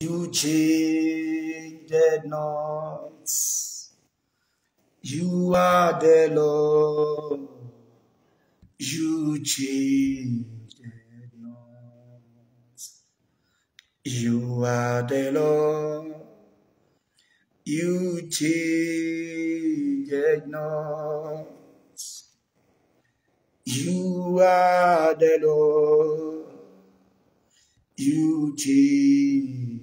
You changed not. You are the Lord. You changed not. You are the Lord. You changed not. You are the Lord. You change.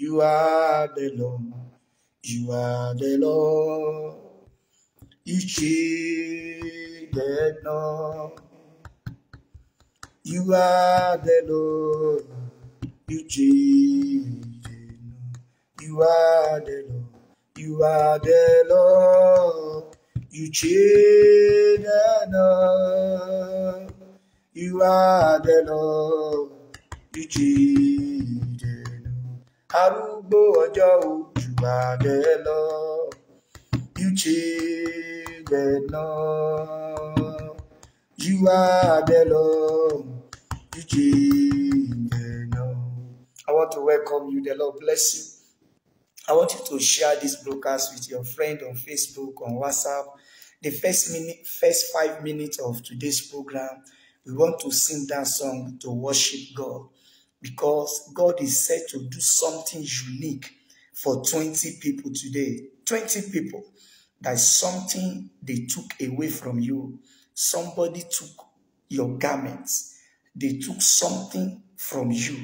You are the Lord. You are the Lord. Ichi the Lord. You are the Lord. You You are the Lord. You are the Lord. You the Lord. You are the Lord. You arúgbó ọjọ́ o jù máa bẹ́ẹ̀ lọ you children love you are belong you children love I want to welcome you the Lord bless you I want you to share this broadcast with your friend on Facebook on WhatsApp the first minute first five minutes of today's program we want to sing that song to worship God. because God is set to do something unique for 20 people today. 20 people. That's something they took away from you. Somebody took your garments. They took something from you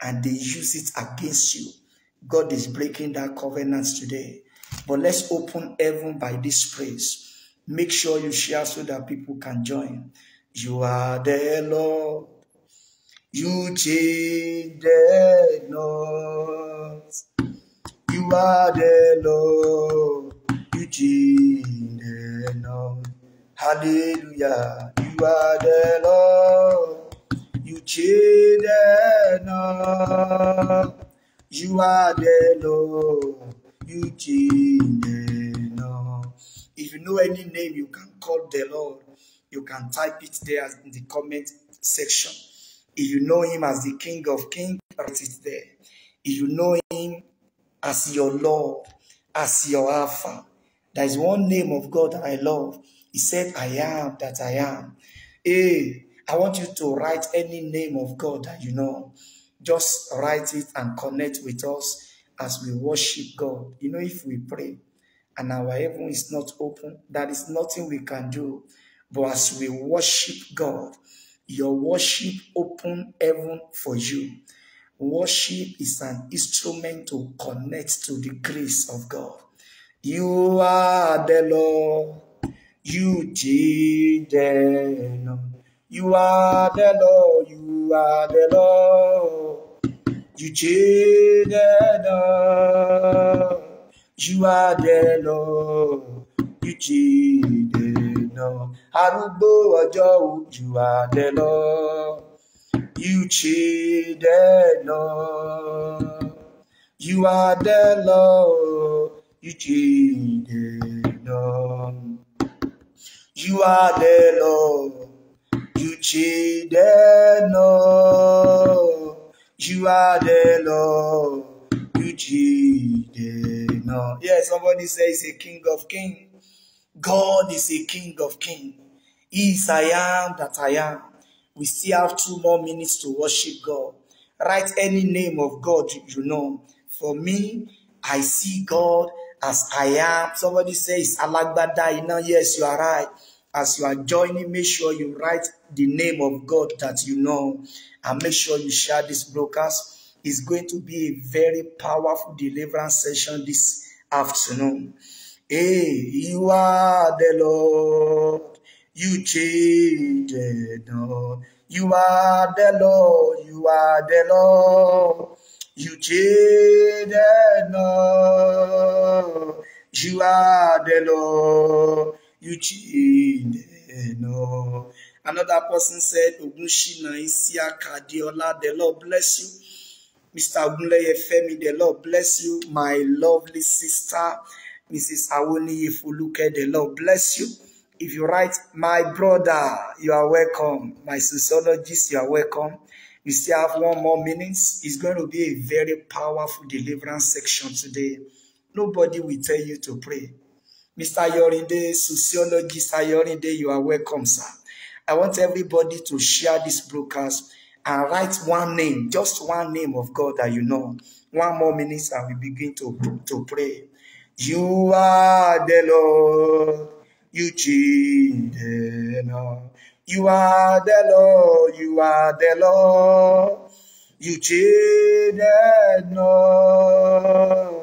and they use it against you. God is breaking that covenant today. But let's open heaven by this praise. Make sure you share so that people can join. You are the Lord you changed not. You are the Lord. You changed not. Hallelujah. You are the Lord. You changed not. You are the Lord. You changed not. If you know any name, you can call the Lord. You can type it there in the comment section if you know him as the King of Kings, write it there. If you know him as your Lord, as your Alpha, there is one name of God that I love. He said, I am that I am. Hey, I want you to write any name of God that you know. Just write it and connect with us as we worship God. You know, if we pray and our heaven is not open, there is nothing we can do. But as we worship God, your worship open heaven for you. Worship is an instrument to connect to the grace of God. You are the Lord. You did the Lord. You are the Lord. You are the Lord. You did the Lord. You are the Lord. You did the gan arúgbó ọjọ́ ojú àdẹ lọ you cheated Lord you are the Lord you cheated Lord you are the Lord you cheated Lord you are the Lord you cheated Lord yes somebody says a king of kings God is a king of kings. He is I am that I am. We still have two more minutes to worship God. Write any name of God you know. For me, I see God as I am. Somebody says, Alagbada, you know, yes, you are right. As you are joining, make sure you write the name of God that you know. And make sure you share this broadcast. It's going to be a very powerful deliverance session this afternoon. Hey, you are the Lord. You change it not. You are the Lord. You are the Lord. You change it not. You are the Lord. You change it not. Another person said, Ogunshina Isia Kadiola." the Lord bless you. Mr. Ogunleye Femi, the Lord bless you. My lovely sister. Mrs. Awoniyi Ifuluke, the Lord bless you. If you write, my brother, you are welcome. My sociologist, you are welcome. We still have one more minute. It's going to be a very powerful deliverance section today. Nobody will tell you to pray. Mr. Yorinde, sociologist Ayorinde, you are welcome, sir. I want everybody to share this broadcast and write one name, just one name of God that you know. One more minute and we begin to, to pray. You are the Lord, you no. You are the Lord, you are the Lord, you Lord.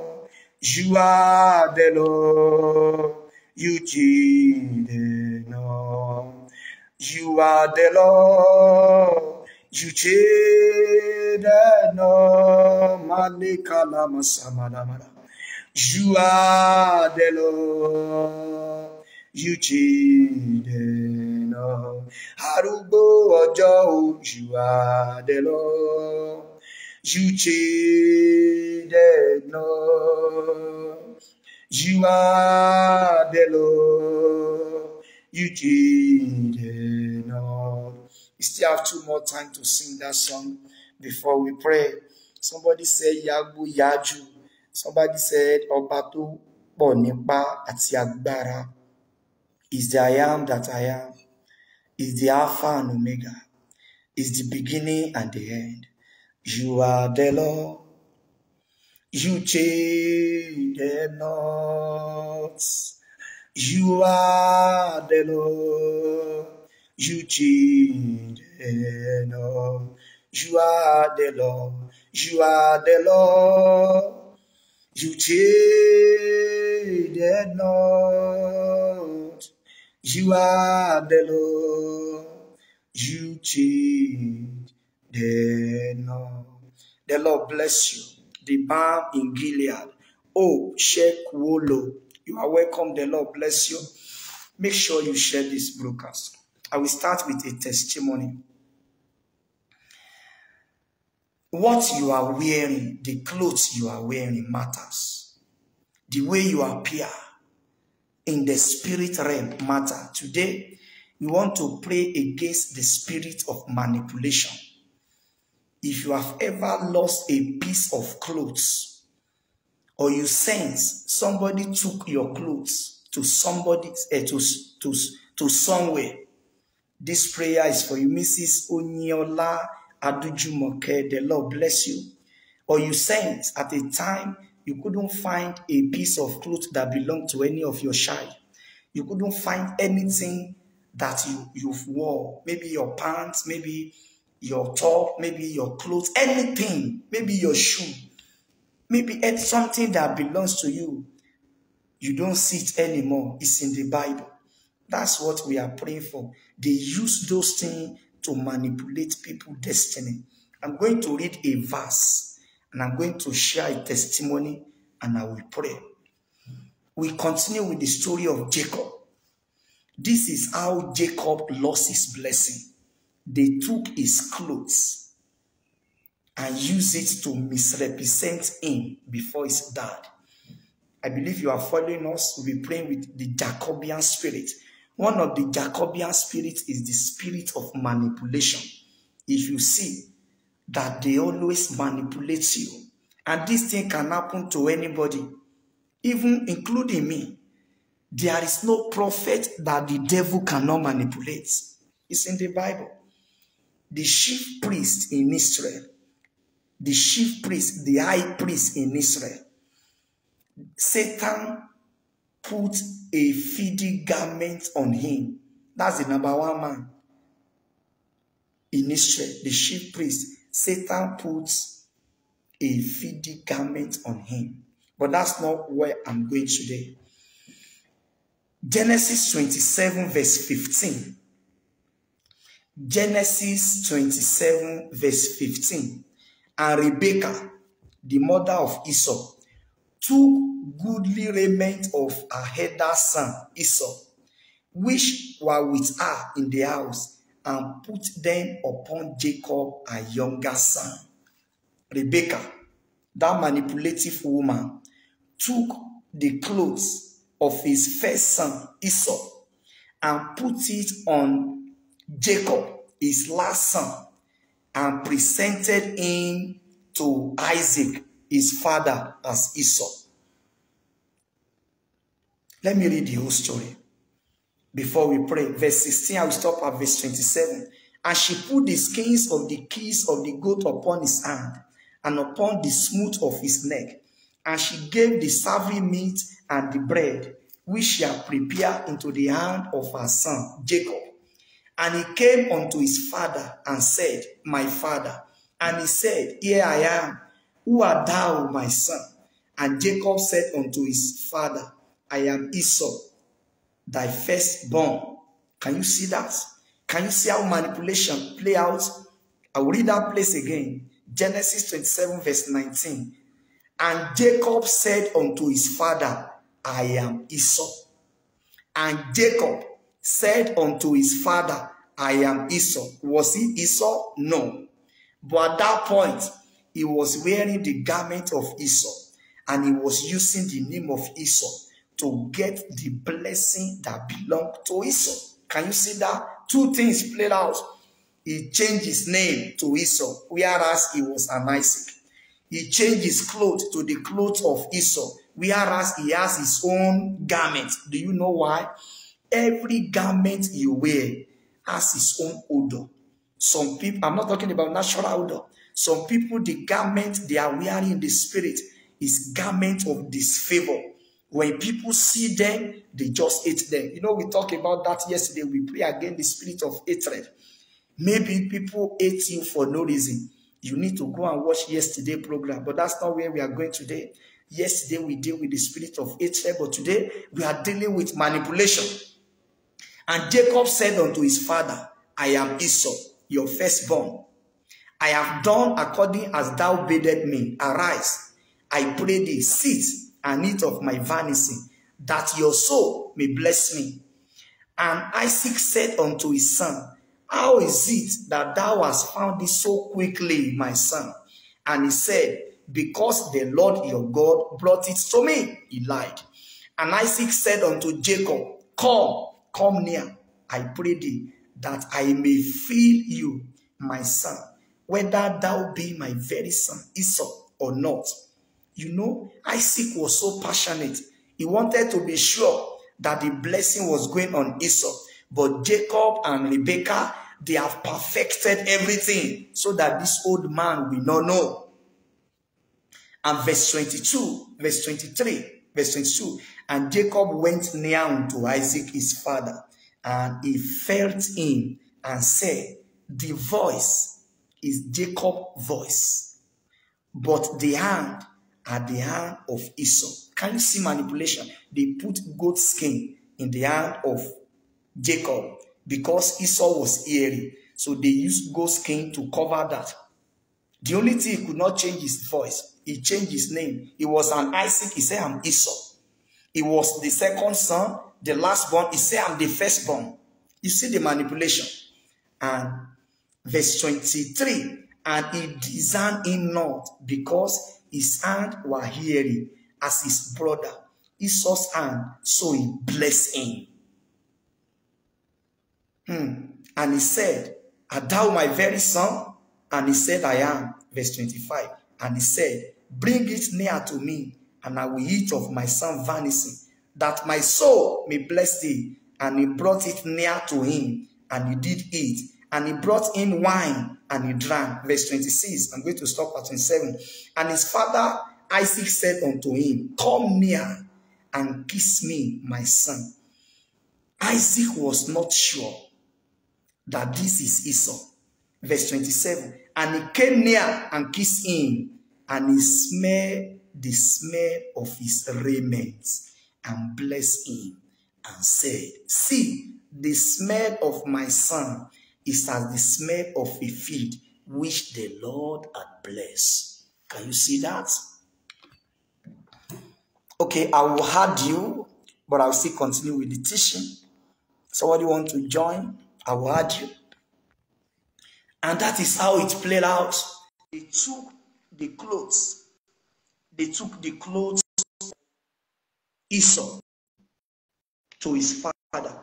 You are the Lord, you Lord. You are the Lord, you Lord. Malikala masamala joie de l'eau. Yuchi de no Harubo ojo joie de l'eau. Yuchi de no joie de l'eau. Yuchi de no. We still have two more time to sing that song before we pray. Somebody say Yagu Yaju. Somebody said, Ọba tó pọ̀ nípa àti agbára is the I am that I am, is the Alpha and Omega, is the beginning and the end. You are the Lord. You change the not. You are the Lord. You change the not. You are the Lord. You are the Lord. You changed not. You are the Lord. You changed not. The Lord bless you. The balm in Gilead. Oh, Sheikh Wolo. You are welcome. The Lord bless you. Make sure you share this broadcast. I will start with a testimony. What you are wearing, the clothes you are wearing matters. The way you appear in the spirit realm matter. Today, we want to pray against the spirit of manipulation. If you have ever lost a piece of clothes or you sense somebody took your clothes to somebody, uh, to, to, to somewhere, this prayer is for you, Mrs. Oniola Adujumoke, the Lord bless you. Or you sense at a time you couldn't find a piece of cloth that belonged to any of your child. You couldn't find anything that you, you've wore. Maybe your pants, maybe your top, maybe your clothes, anything, maybe your shoe. Maybe it's eh, something that belongs to you. You don't see it anymore. It's in the Bible. That's what we are praying for. They use those things to manipulate people's destiny. I'm going to read a verse and I'm going to share a testimony and I will pray. We continue with the story of Jacob. This is how Jacob lost his blessing. They took his clothes and used it to misrepresent him before his dad. I believe you are following us. We'll be praying with the Jacobian spirit One of the Jacobian spirits is the spirit of manipulation. If you see that they always manipulate you, and this thing can happen to anybody, even including me, there is no prophet that the devil cannot manipulate. It's in the Bible. The chief priest in Israel, the chief priest, the high priest in Israel, Satan put a fidi garment on him. That's the number one man in Israel, the chief priest. Satan puts a fidi garment on him. But that's not where I'm going today. Genesis 27, verse 15. Genesis 27, verse 15. And Rebekah, the mother of Esau, took goodly raiment of her elder son Esau, which were with her in the house, and put them upon Jacob, her younger son. Rebekah, that manipulative woman, took the clothes of his first son Esau and put it on Jacob, his last son, and presented him to Isaac, his father, as Esau. Let me read the whole story before we pray. Verse 16, I will stop at verse 27. And she put the skins of the keys of the goat upon his hand and upon the smooth of his neck. And she gave the savory meat and the bread, which she had prepared into the hand of her son, Jacob. And he came unto his father and said, My father. And he said, Here I am. Who art thou, my son? And Jacob said unto his father, I am Esau, thy firstborn. Can you see that? Can you see how manipulation play out? I will read that place again. Genesis 27 verse 19. And Jacob said unto his father, I am Esau. And Jacob said unto his father, I am Esau. Was he Esau? No. But at that point, he was wearing the garment of Esau and he was using the name of Esau to get the blessing that belonged to Esau. Can you see that? Two things played out. He changed his name to Esau, whereas he was an Isaac. He changed his clothes to the clothes of Esau, whereas he has his own garment. Do you know why? Every garment you wear has its own odor. Some people, I'm not talking about natural odor. Some people, the garment they are wearing in the spirit is garment of disfavor. When people see them, they just hate them. You know, we talked about that yesterday. We pray against the spirit of hatred. Maybe people hate you for no reason. You need to go and watch yesterday program, but that's not where we are going today. Yesterday we deal with the spirit of hatred, but today we are dealing with manipulation. And Jacob said unto his father, I am Esau, your firstborn. I have done according as thou biddest me. Arise, I pray thee, sit and eat of my vanishing, that your soul may bless me. And Isaac said unto his son, How is it that thou hast found this so quickly, my son? And he said, Because the Lord your God brought it to me. He lied. And Isaac said unto Jacob, Come, come near, I pray thee, that I may feel you, my son, whether thou be my very son, Esau, or not. You know, Isaac was so passionate. He wanted to be sure that the blessing was going on Esau. But Jacob and Rebekah, they have perfected everything so that this old man will not know. And verse 22, verse 23, verse 22. And Jacob went near unto Isaac his father, and he felt him and said, The voice is Jacob's voice, but the hand at the hand of Esau. Can you see manipulation? They put goat skin in the hand of Jacob because Esau was hairy. So they used goat skin to cover that. The only thing he could not change his voice. He changed his name. He was an Isaac. He said, I'm Esau. He was the second son, the last born. He said, I'm the firstborn. You see the manipulation. And verse 23, and he designed him not because his hand were hairy as his brother, Esau's hand, so he blessed him. Hmm. And he said, Art thou my very son? And he said, I am. Verse 25. And he said, Bring it near to me, and I will eat of my son vanishing, that my soul may bless thee. And he brought it near to him, and he did eat and he brought him wine and he drank. Verse 26. I'm going to stop at 27. And his father Isaac said unto him, Come near and kiss me, my son. Isaac was not sure that this is Esau. Verse 27. And he came near and kissed him, and he smelled the smell of his raiment, and blessed him, and said, See, the smell of my son is as the smell of a field which the Lord had blessed. Can you see that? Okay, I will hard you, but I'll still continue with the teaching. Somebody want to join? I will add you. And that is how it played out. They took the clothes. They took the clothes Esau to his father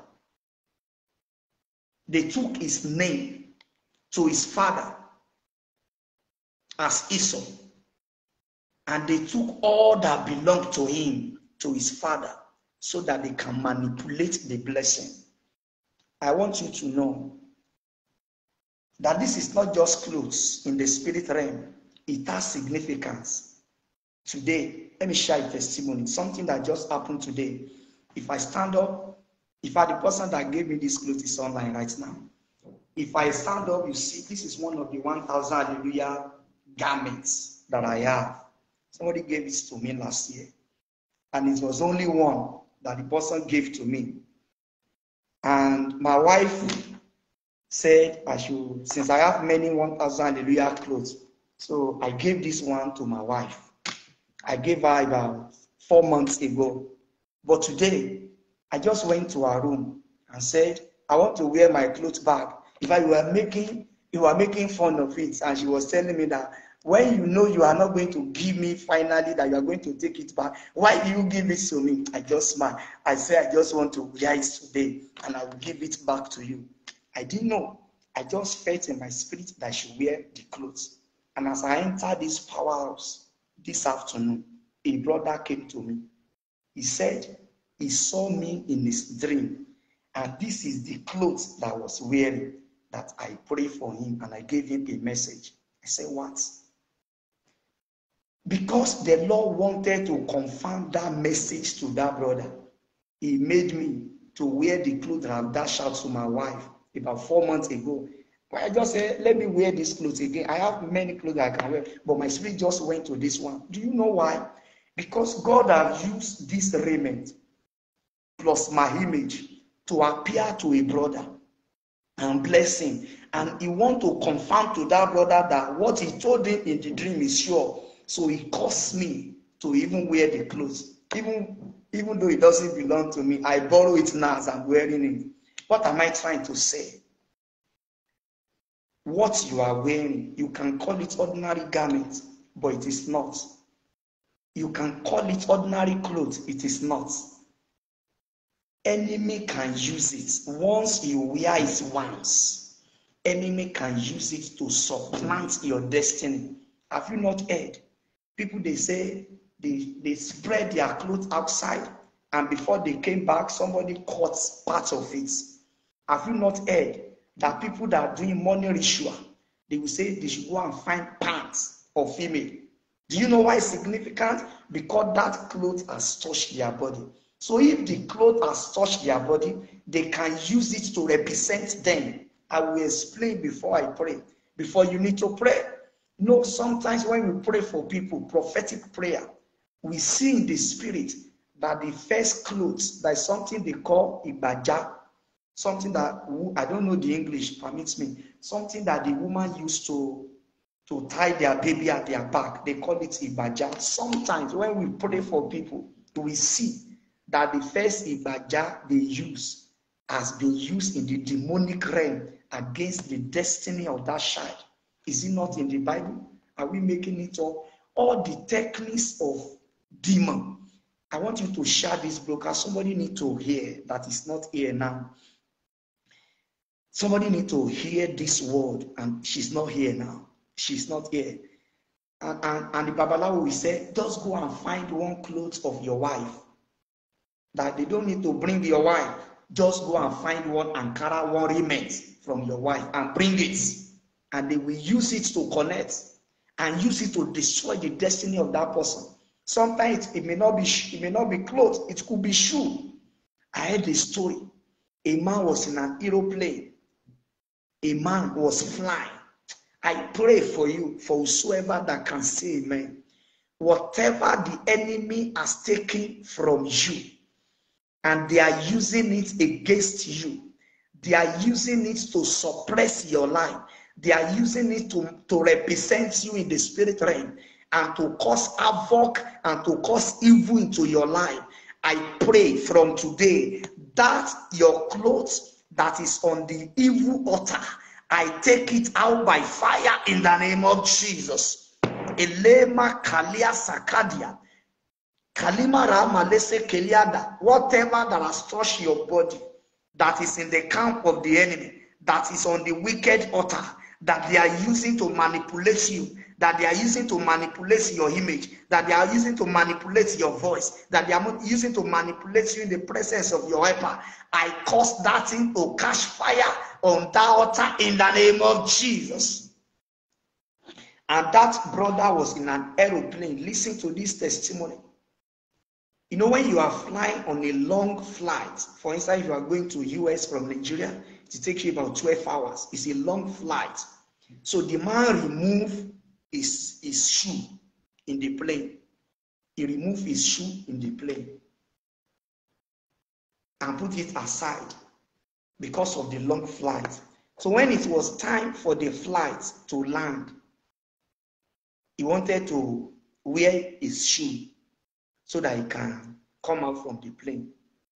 they took his name to his father as Esau, and they took all that belonged to him to his father so that they can manipulate the blessing. I want you to know that this is not just clothes in the spirit realm, it has significance. Today, let me share a testimony, something that just happened today. If I stand up in fact, the person that gave me this clothes is online right now. If I stand up, you see, this is one of the 1,000 hallelujah garments that I have. Somebody gave it to me last year. And it was only one that the person gave to me. And my wife said, I should, since I have many 1,000 hallelujah clothes, so I gave this one to my wife. I gave her about four months ago. But today, I just went to her room and said, I want to wear my clothes back. If I you were making you were making fun of it, and she was telling me that when you know you are not going to give me finally that you are going to take it back, why do you give it to me? I just smiled. I said, I just want to wear it today, and I will give it back to you. I didn't know. I just felt in my spirit that she wear the clothes. And as I entered this powerhouse this afternoon, a brother came to me. He said, he saw me in his dream. And this is the clothes that I was wearing that I prayed for him and I gave him a message. I said, What? Because the Lord wanted to confirm that message to that brother, he made me to wear the clothes that I dashed out to my wife about four months ago. But I just said, Let me wear these clothes again. I have many clothes I can wear, but my spirit just went to this one. Do you know why? Because God has used this raiment plus my image to appear to a brother and bless him and he want to confirm to that brother that what he told him in the dream is sure so he caused me to even wear the clothes even even though it doesn't belong to me i borrow it now as i'm wearing it what am i trying to say what you are wearing you can call it ordinary garment but it is not you can call it ordinary clothes it is not enemy can use it once you wear it once enemy can use it to supplant your destiny have you not heard people dey say they they spread their cloth outside and before they came back somebody cut part of it have you not heard that people that are doing money ritual they will say they should go and find parts of female do you know why it's significant because that cloth has touched their body So if the clothes has touched their body, they can use it to represent them. I will explain before I pray. Before you need to pray. You no, know, sometimes when we pray for people, prophetic prayer, we see in the spirit that the first clothes, that is something they call ibaja, something that I don't know the English permits me, something that the woman used to to tie their baby at their back. They call it ibaja. Sometimes when we pray for people, we see that the first Ibaja they use has been used in the demonic realm against the destiny of that child. Is it not in the Bible? Are we making it up? All the techniques of demon. I want you to share this broadcast. Somebody need to hear that is not here now. Somebody need to hear this word, and she's not here now. She's not here. And, and, and the Babalawo will say, just go and find one clothes of your wife that they don't need to bring your wife; Just go and find one and carry one remnant from your wife and bring it. And they will use it to connect and use it to destroy the destiny of that person. Sometimes it may not be it may not be clothes, it could be shoe. I heard a story. A man was in an aeroplane. A man was flying. I pray for you, for whosoever that can say amen. Whatever the enemy has taken from you, and they are using it against you. They are using it to suppress your life. They are using it to, to represent you in the spirit realm and to cause havoc and to cause evil into your life. I pray from today that your clothes that is on the evil altar, I take it out by fire in the name of Jesus. Elema Kalia Sakadia. Kalimara Malese Keliada, whatever that has touched your body, that is in the camp of the enemy, that is on the wicked altar, that they are using to manipulate you, that they are using to manipulate your image, that they are using to manipulate your voice, that they are using to manipulate you in the presence of your helper. I cause that thing to catch fire on that altar in the name of Jesus. And that brother was in an aeroplane. Listen to this testimony. You know, when you are flying on a long flight, for instance, if you are going to US from Nigeria, it takes you about 12 hours. It's a long flight. So the man removed his, his shoe in the plane. He removed his shoe in the plane and put it aside because of the long flight. So when it was time for the flight to land, he wanted to wear his shoe so that he can come out from the plane.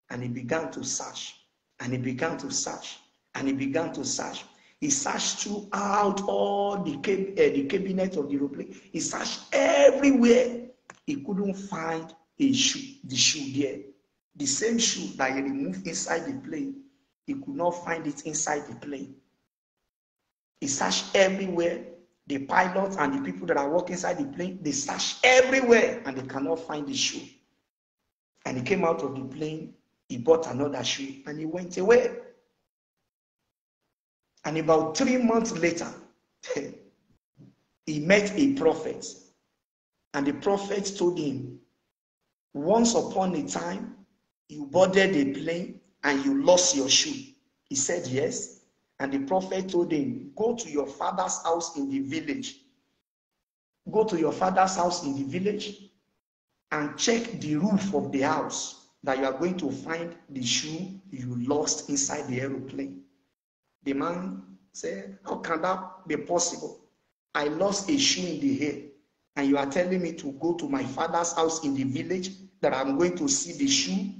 And he began to search, and he began to search, and he began to search. He searched throughout all the, cab- uh, the cabinet of the aeroplane. He searched everywhere. He couldn't find a shoe, the shoe there. The same shoe that he removed inside the plane. He could not find it inside the plane. He searched everywhere the pilots and the people that are working inside the plane, they search everywhere and they cannot find the shoe. And he came out of the plane, he bought another shoe and he went away. And about three months later, he met a prophet. And the prophet told him, Once upon a time, you boarded a plane and you lost your shoe. He said, Yes. And the prophet told him, Go to your father's house in the village. Go to your father's house in the village and check the roof of the house that you are going to find the shoe you lost inside the aeroplane. The man said, How can that be possible? I lost a shoe in the air, and you are telling me to go to my father's house in the village that I'm going to see the shoe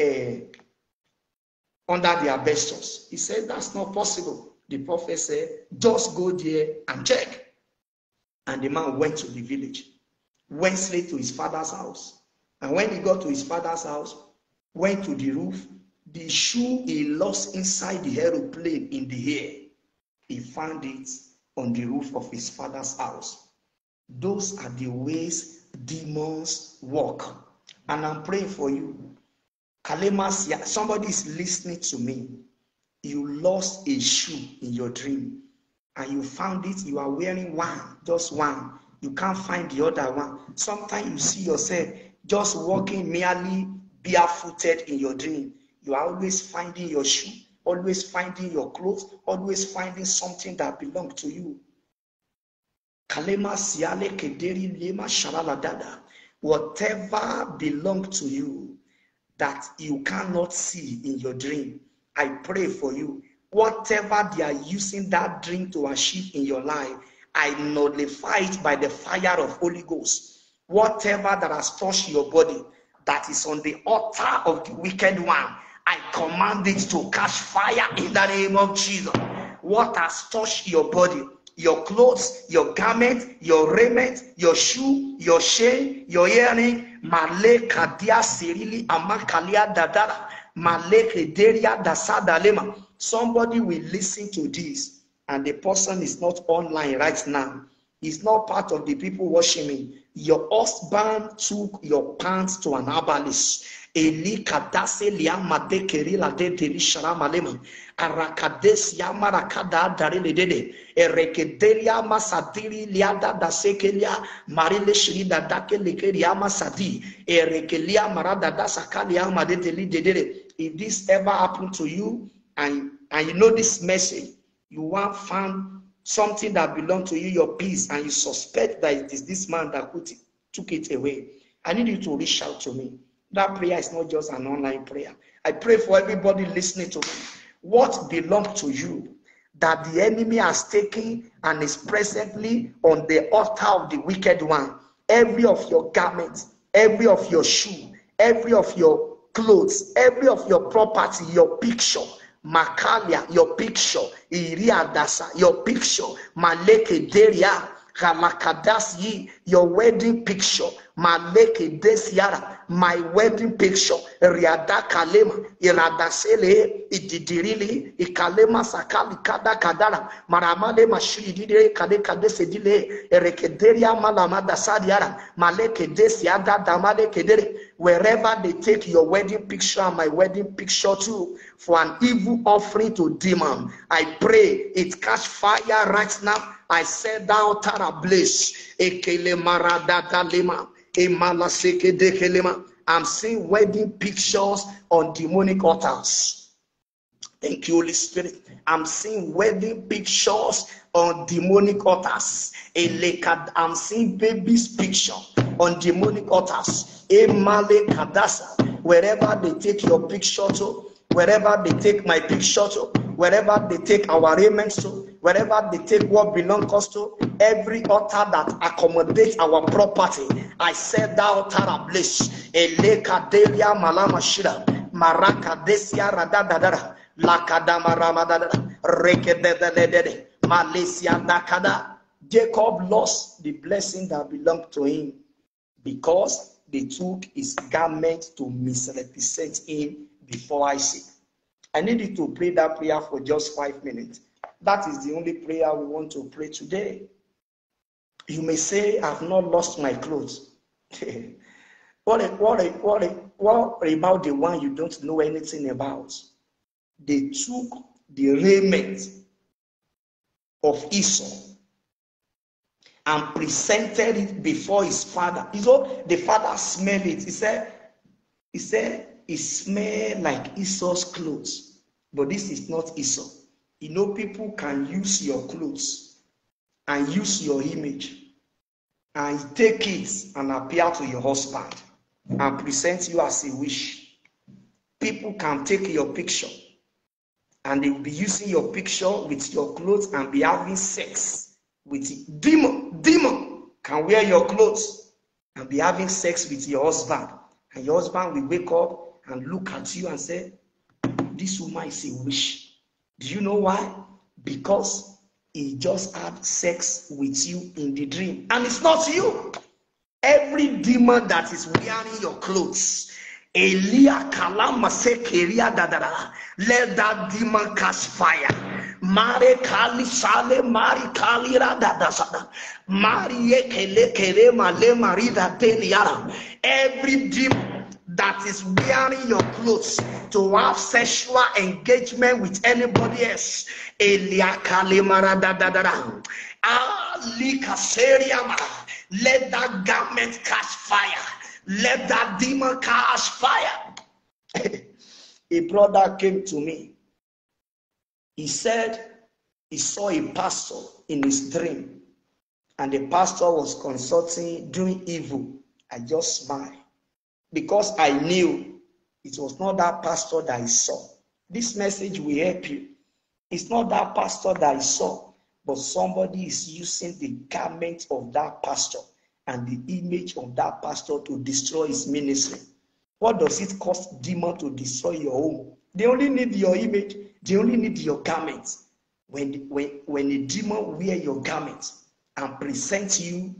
uh, under the asbestos. He said, That's not possible. The prophet said, Just go there and check. And the man went to the village, went straight to his father's house. And when he got to his father's house, went to the roof, the shoe he lost inside the aeroplane in the air, he found it on the roof of his father's house. Those are the ways demons walk. And I'm praying for you yeah, somebody is listening to me. You lost a shoe in your dream and you found it, you are wearing one, just one. You can't find the other one. Sometimes you see yourself just walking merely barefooted in your dream. You are always finding your shoe, always finding your clothes, always finding something that belongs to you. Kalemas yale kederi lema shalala dada. Whatever belongs to you, that you cannot see in your dream. I pray for you. Whatever they are using that dream to achieve in your life, I nullify it by the fire of Holy Ghost. Whatever that has touched your body that is on the altar of the wicked one, I command it to catch fire in the name of Jesus. What has touched your body your clothes, your garment, your raiment, your shoe, your chain, your earring, male kadia serili amakalia dadara, male kederia lema. Somebody will listen to this, and the person is not online right now. He's not part of the people watching me. Your husband took your pants to an herbalist Eli kadase liama de kerila de deli sharama lema. Arakades yama rakada darile dede. Erekedelia masadiri liada da sekelia marile shirida dake lekeria masadi. Erekelia marada da sakalia ma de deli dede. If this ever happened to you and, and you know this message, you want found something that belongs to you, your peace, and you suspect that it is this man that put it, took it away. I need you to reach out to me. That prayer is not just an online prayer. I pray for everybody listening to me. What belongs to you that the enemy has taken and is presently on the altar of the wicked one? Every of your garments, every of your shoe, every of your clothes, every of your property, your picture, Makalia, your picture, Iriadasa, your picture, Maleke Deria, Ramakadasi, your wedding picture. Maleke desiara, my wedding picture. Riada kalema, iradasele, ididirili, ikalema sakali kada kadara. Maramale mashiri didire kade kade dile. erekederia malamada sadiara. Maleke desiada damale kedere. Wherever they take your wedding picture and my wedding picture too, for an evil offering to demon, I pray it catch fire right now I said, Thou tarablis, ekele maradata lima, emala seke dekelema. I'm seeing wedding pictures on demonic altars. Thank you, Holy Spirit. I'm seeing wedding pictures on demonic altars. I'm seeing babies' picture on demonic altars. Emale kadasa. Wherever they take your picture to, wherever they take my picture to, wherever they take our raiment to, wherever they take what belongs us to, every altar that accommodates our property, I said that altar ablish Eleka delia malama shira, maraka desia radadadara, lakadama ramadadara, rekedededede, malesia dakada. Jacob lost the blessing that belonged to him because they took his garment to misrepresent him before Isaac. I needed to pray that prayer for just five minutes. That is the only prayer we want to pray today. You may say, I've not lost my clothes. what, what, what, what about the one you don't know anything about? They took the raiment of Esau and presented it before his father. You know, the father smelled it. He said, He said, it smelled like Esau's clothes, but this is not Esau. You know, people can use your clothes and use your image and take it and appear to your husband and present you as a wish. People can take your picture and they will be using your picture with your clothes and be having sex with demon. Demon can wear your clothes and be having sex with your husband. And your husband will wake up and look at you and say, This woman is a wish. Do you know why? Because he just had sex with you in the dream, and it's not you. Every demon that is wearing your clothes, Elia se Keria Dadara, let that demon catch fire. Mare Kali Sale, Mari Kali Radadasada, Marie Kele Kere Male Marida Teliara. Every demon that is wearing your clothes to have sexual engagement with anybody else. Let that garment catch fire. Let that demon catch fire. a brother came to me. He said he saw a pastor in his dream, and the pastor was consulting, doing evil. I just smiled because I knew it was not that pastor that I saw. This message will help you. It's not that pastor that I saw, but somebody is using the garment of that pastor and the image of that pastor to destroy his ministry. What does it cost demon to destroy your home? They only need your image. They only need your garments. When, when, when a demon wear your garments and presents you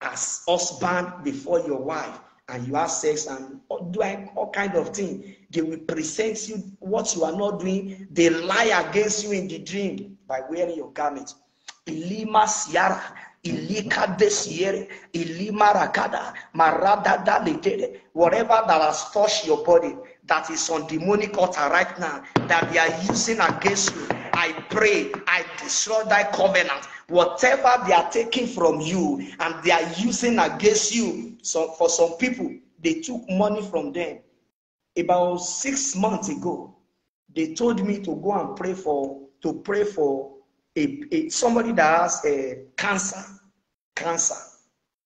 as husband before your wife, and you have sex and do all kind of thing. They will present you what you are not doing. They lie against you in the dream by wearing your garment. Ilima siara, ilika desiere, ilima rakada, maradada letere. Whatever that has touched your body that is on demonic altar right now that they are using against you, I pray, I destroy thy covenant. Whatever they are taking from you and they are using against you, so for some people, they took money from them. About six months ago, they told me to go and pray for to pray for a, a somebody that has a eh, cancer. Cancer.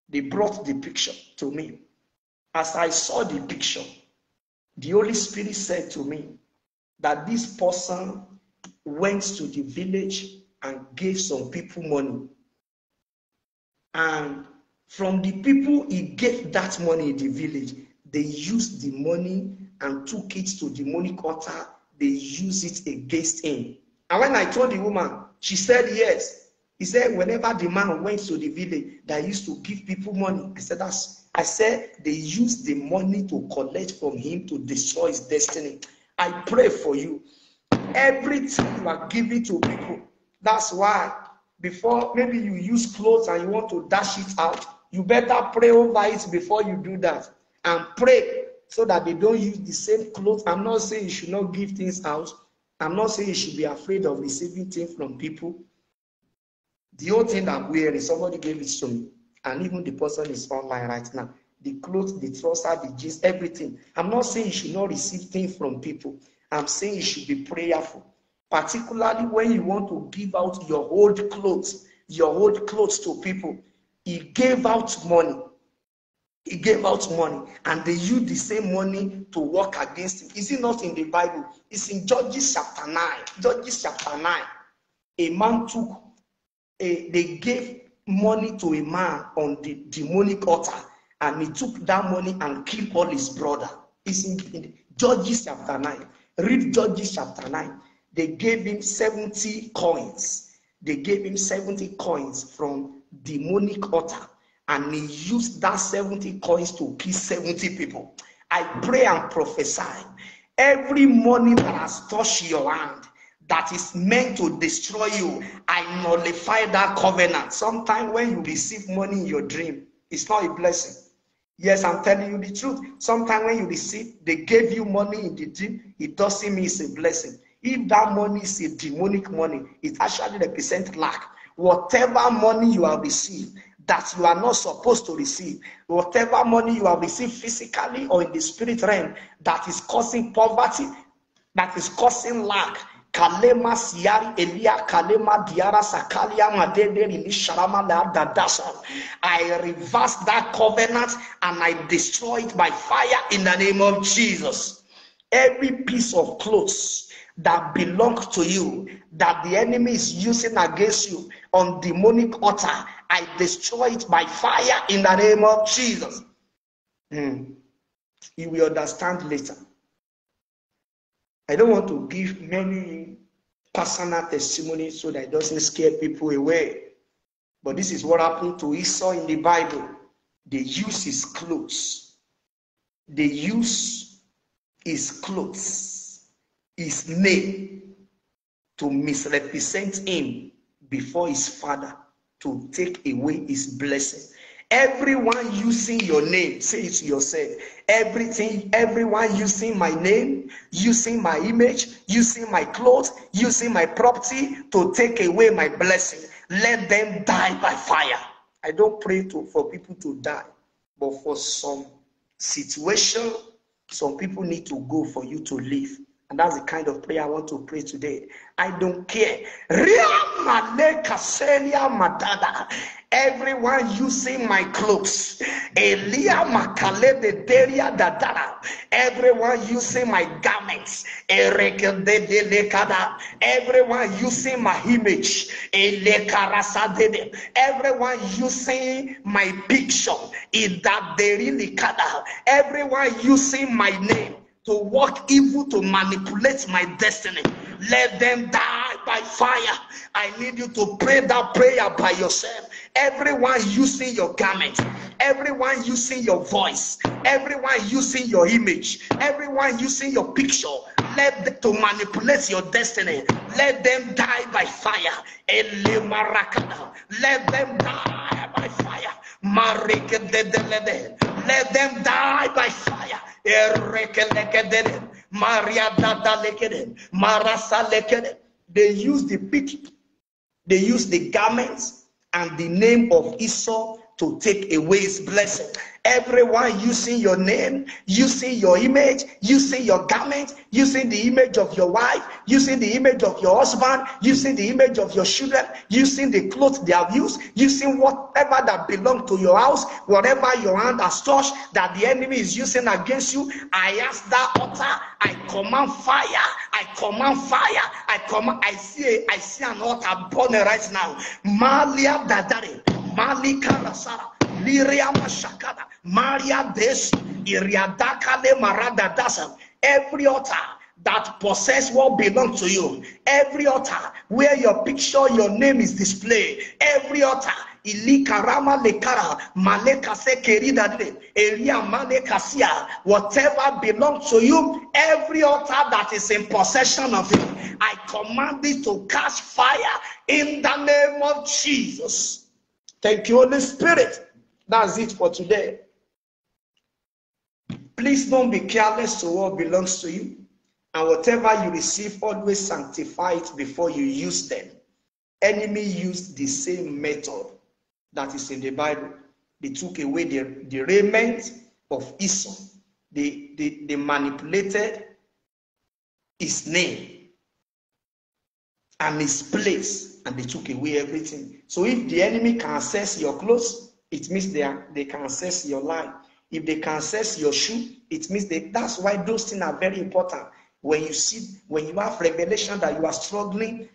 They brought the picture to me. As I saw the picture, the Holy Spirit said to me that this person went to the village and gave some people money. And from the people he gave that money in the village, they used the money and took it to the money quarter. They used it against him. And when I told the woman, she said yes. He said, whenever the man went to the village that used to give people money, I said, that's, I said, they used the money to collect from him to destroy his destiny. I pray for you. Everything you are giving to people, that's why before maybe you use clothes and you want to dash it out, you better pray over it before you do that. And pray so that they don't use the same clothes. I'm not saying you should not give things out. I'm not saying you should be afraid of receiving things from people. The old thing I'm is somebody gave it to me. And even the person is online right now. The clothes, the trousers, the jeans, everything. I'm not saying you should not receive things from people. I'm saying you should be prayerful particularly when you want to give out your old clothes, your old clothes to people. He gave out money. He gave out money, and they used the same money to work against him. Is it not in the Bible? It's in Judges chapter 9. Judges chapter 9. A man took, a, they gave money to a man on the demonic altar, and he took that money and killed all his brother. It's in, in Judges chapter 9. Read Judges chapter 9. They gave him 70 coins. They gave him 70 coins from demonic altar. And he used that 70 coins to kill 70 people. I pray and prophesy. Every money that has touched your hand, that is meant to destroy you. I nullify that covenant. Sometimes when you receive money in your dream, it's not a blessing. Yes, I'm telling you the truth. Sometimes when you receive, they gave you money in the dream, it doesn't mean it's a blessing. If that money is a demonic money, it actually represents lack. Whatever money you have received that you are not supposed to receive, whatever money you have received physically or in the spirit realm that is causing poverty, that is causing lack, kalema siari elia kalema diara sakalia madede rilisharama dadasha i reverse that covenant and i destroy it by fire in the name of jesus every piece of clothes that belong to you that the enemy is using against you on demonic altar i destroy it by fire in the name of jesus mm. you will understand later i don't want to give many personal testimonies so that it doesn't scare people away but this is what happened to esau in the bible they use his clothes they use his clothes his name to misrepresent him before his father to take away his blessing. Everyone using your name, say it yourself. Everything, everyone using my name, using my image, using my clothes, using my property to take away my blessing. Let them die by fire. I don't pray to, for people to die, but for some situation, some people need to go for you to live. And that's the kind of prayer I want to pray today. I don't care. Everyone using my clothes. Elia Makale de Deria Dadara. Everyone using my garments. Everyone using my image. Everyone using my picture. Everyone using my name to work evil, to manipulate my destiny. Let them die by fire. I need you to pray that prayer by yourself. Everyone using your garment, everyone using your voice, everyone using your image, everyone using your picture, let them, to manipulate your destiny. Let them die by fire. Let them die by fire. Let them die by fire. They use the pit, they use the garments and the name of Esau to take away his blessing. Everyone using your name, using your image, using your garment, using the image of your wife, using the image of your husband, using the image of your children, using the clothes they have used, using whatever that belongs to your house, whatever your hand has touched that the enemy is using against you. I ask that altar, I command fire, I command fire, I command, I see, I see an altar burning right now. Malia Dadari, Malika Rasara. Liria Mashakada Maria Desi, Iriadakale Marada Dasa, every altar that possess what belongs to you, every altar where your picture, your name is displayed, every altar ilikarama lekara sekerida keridade eria malekasia whatever belongs to you every altar that is in possession of you i command it to catch fire in the name of jesus thank you holy spirit that's it for today. Please don't be careless to what belongs to you. And whatever you receive, always sanctify it before you use them. Enemy used the same method that is in the Bible. They took away the, the raiment of Esau. They, they, they manipulated his name and his place, and they took away everything. So if the enemy can assess your clothes, it means they are they can assess your life. If they can assess your shoe, it means they, that's why those things are very important. When you see, when you have revelation that you are struggling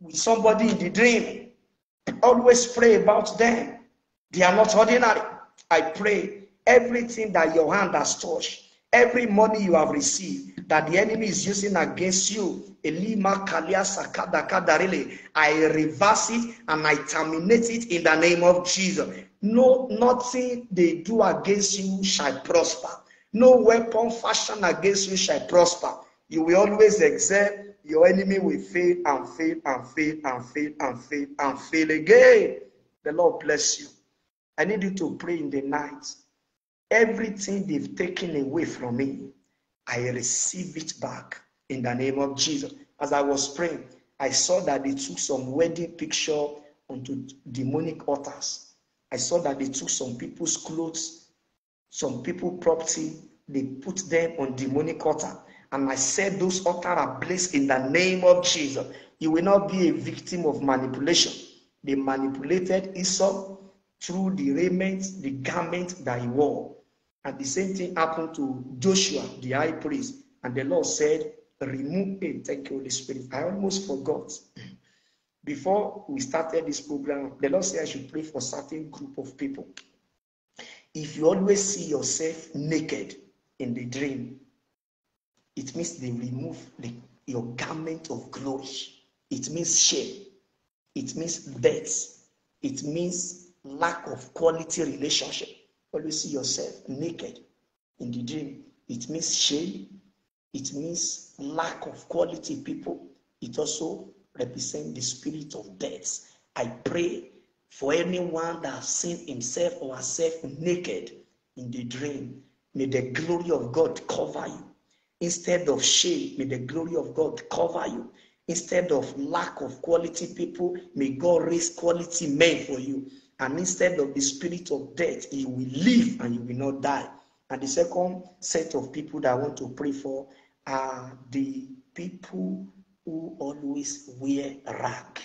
with somebody in the dream, always pray about them. They are not ordinary. I pray everything that your hand has touched every money you have received that the enemy is using against you, Elima I reverse it and I terminate it in the name of Jesus. No, nothing they do against you shall prosper. No weapon fashioned against you shall prosper. You will always exert your enemy will fail and fail and fail and fail and fail and fail again. The Lord bless you. I need you to pray in the night Everything they've taken away from me, I receive it back in the name of Jesus. As I was praying, I saw that they took some wedding picture onto demonic altars. I saw that they took some people's clothes, some people property, they put them on demonic altar. And I said those altar are placed in the name of Jesus. You will not be a victim of manipulation. They manipulated Esau through the raiment, the garment that he wore. And the same thing happened to Joshua, the high priest. And the Lord said, Remove it. Thank you, Holy Spirit. I almost forgot. Before we started this program, the Lord said I should pray for certain group of people. If you always see yourself naked in the dream, it means they remove the, your garment of glory. It means shame. It means death. It means lack of quality relationship always see yourself naked in the dream. It means shame. It means lack of quality people. It also represents the spirit of death. I pray for anyone that has seen himself or herself naked in the dream. May the glory of God cover you. Instead of shame, may the glory of God cover you. Instead of lack of quality people, may God raise quality men for you. And instead of the spirit of death, you will live and you will not die. And the second set of people that I want to pray for are the people who always wear rag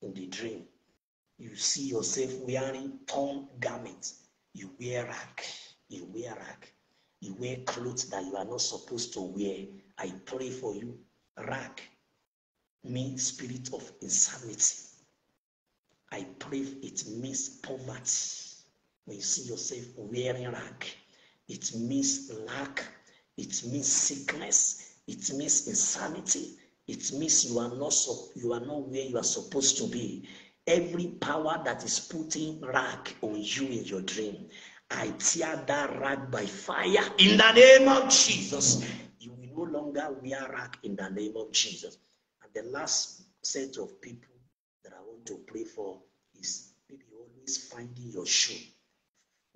in the dream. You see yourself wearing torn garments. You wear rag. You wear rag. You wear clothes that you are not supposed to wear. I pray for you. Rag means spirit of insanity. I pray it means poverty. When you see yourself wearing rack, it means lack, it means sickness, it means insanity, it means you are not you are not where you are supposed to be. Every power that is putting rack on you in your dream, I tear that rag by fire in the name of Jesus. You will no longer wear rag in the name of Jesus. And the last set of people to pray for is maybe always finding your shoe,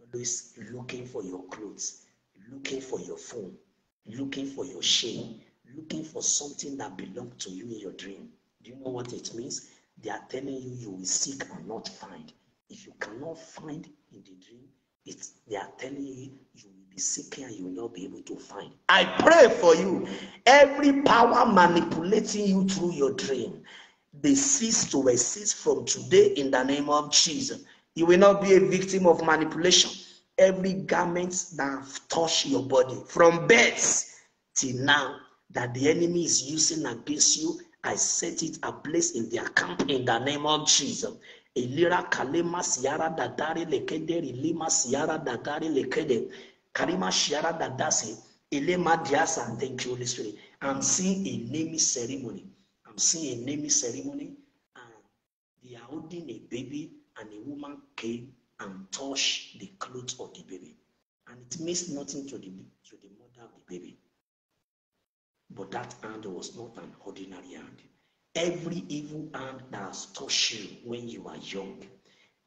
always looking for your clothes, looking for your phone, looking for your shame, looking for something that belonged to you in your dream. Do you know what it means? They are telling you you will seek and not find. If you cannot find in the dream, it's, they are telling you you will be seeking and you will not be able to find. I pray for you. Every power manipulating you through your dream, they cease to exist from today in the name of Jesus. You will not be a victim of manipulation. Every garment that touch your body from birth till now that the enemy is using against you, I set it a place in their camp in the name of Jesus. Elira kalema siara dadari lekede lima siara dadari lekede karima siara dadasi elema diasa. Thank you, Holy Spirit. I'm seeing a naming ceremony. I'm seeing a naming ceremony, and they are holding a baby, and a woman came and touched the clothes of the baby. And it means nothing to the, to the mother of the baby. But that hand was not an ordinary hand. Every evil hand that has touched you when you were young,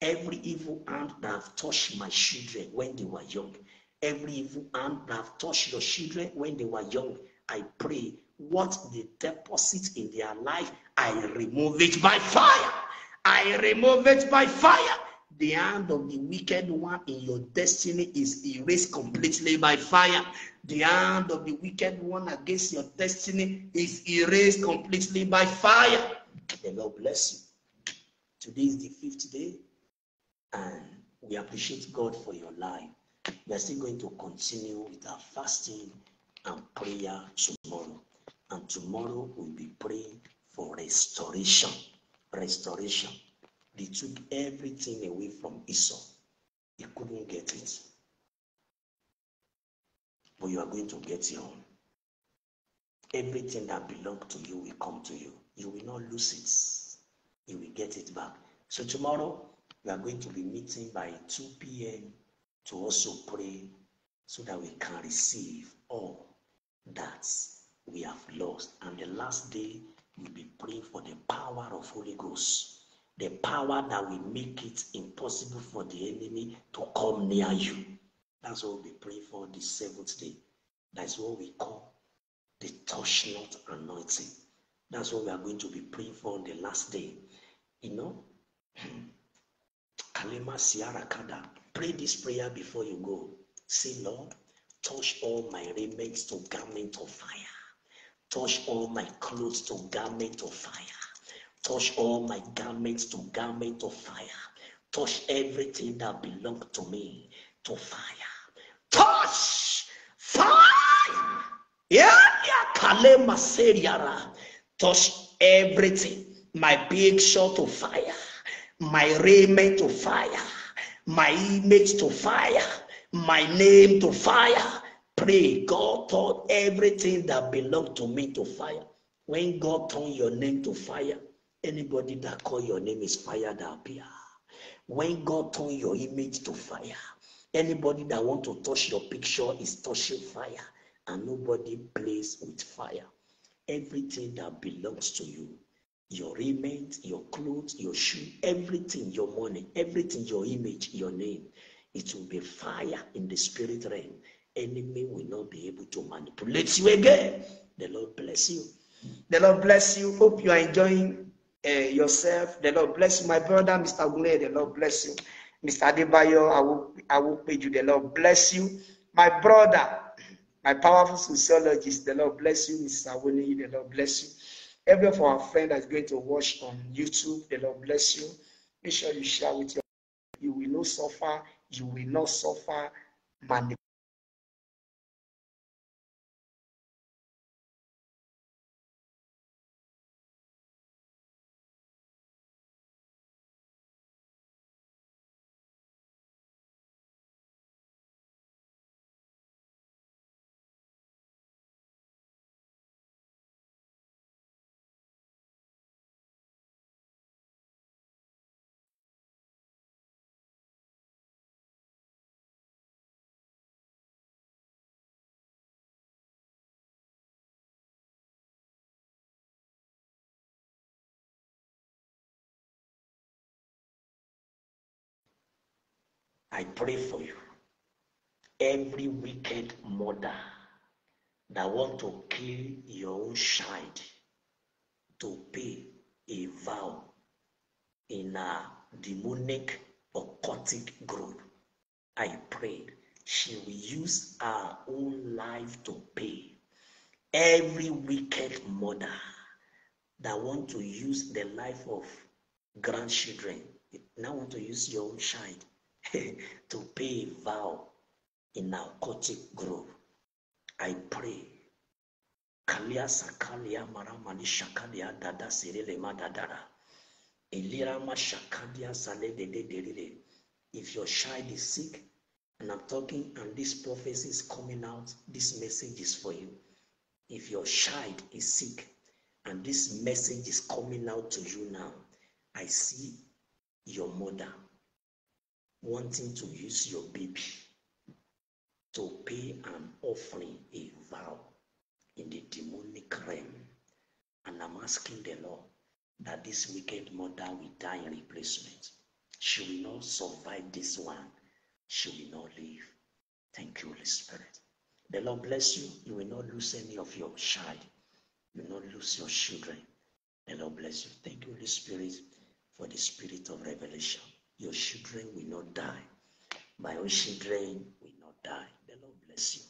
every evil hand that has touched my children when they were young, every evil hand that has touched your children when they were young, I pray What they deposit in their life, I remove it by fire. I remove it by fire. The hand of the wicked one in your destiny is erased completely by fire. The hand of the wicked one against your destiny is erased completely by fire. The Lord bless you. Today is the fifth day, and we appreciate God for your life. We are still going to continue with our fasting and prayer tomorrow. And tomorrow we'll be praying for restoration. Restoration. They took everything away from Esau. He couldn't get it. But you are going to get your own. Everything that belonged to you will come to you. You will not lose it. You will get it back. So tomorrow we are going to be meeting by 2 p.m. to also pray so that we can receive all that we have lost. And the last day, we'll be praying for the power of Holy Ghost. The power that will make it impossible for the enemy to come near you. That's what we'll be praying for the seventh day. That's what we call the touch not anointing. That's what we are going to be praying for on the last day. You know, Kalema Siara Kada, pray this prayer before you go. Say, Lord, touch all my remnants to garment of fire touch all my clothes to garment of fire. Touch all my garments to garment of fire. Touch everything that belongs to me to fire. Touch fire. Yeah, yeah. Touch everything. My big shot to fire. My raiment to fire. My image to fire. My name to fire Pray. God turned everything that belonged to me to fire. When God turned your name to fire, anybody that call your name is fire that appear. When God turned your image to fire, anybody that want to touch your picture is touching fire. And nobody plays with fire. Everything that belongs to you your raiment, your clothes, your shoe, everything, your money, everything, your image, your name. It will be fire in the spirit realm enemy will not be able to manipulate you again. The Lord bless you. The Lord bless you. Hope you are enjoying uh, yourself. The Lord bless you, my brother, Mr. Gule. The Lord bless you. Mr. Adebayo, I will, I will pay you. The Lord bless you. My brother, my powerful sociologist, the Lord bless you. Mr. Awoni, the Lord bless you. Every of our friend that's going to watch on YouTube, the Lord bless you. Make sure you share with your You will not suffer. You will not suffer. Manipulation. I pray for you. Every wicked mother that want to kill your own child to pay a vow in a demonic occultic group, I pray she will use her own life to pay. Every wicked mother that want to use the life of grandchildren, now want to use your own child to pay vow in narcotic group. I pray. Kalia sakalia maramani shakalia dada sirile madadara. Elirama shakalia zale dede derile. If your child is sick, and I'm talking, and this prophecy is coming out, this message is for you. If your child is sick, and this message is coming out to you now, I see your mother wanting to use your baby to pay an offering, a vow in the demonic realm. And I'm asking the Lord that this wicked mother will die in replacement. She will not survive this one. She will not live. Thank you, Holy Spirit. The Lord bless you. You will not lose any of your child. You will not lose your children. The Lord bless you. Thank you, Holy Spirit, for the spirit of revelation. Your children will not die. My own children will not die. The Lord bless you.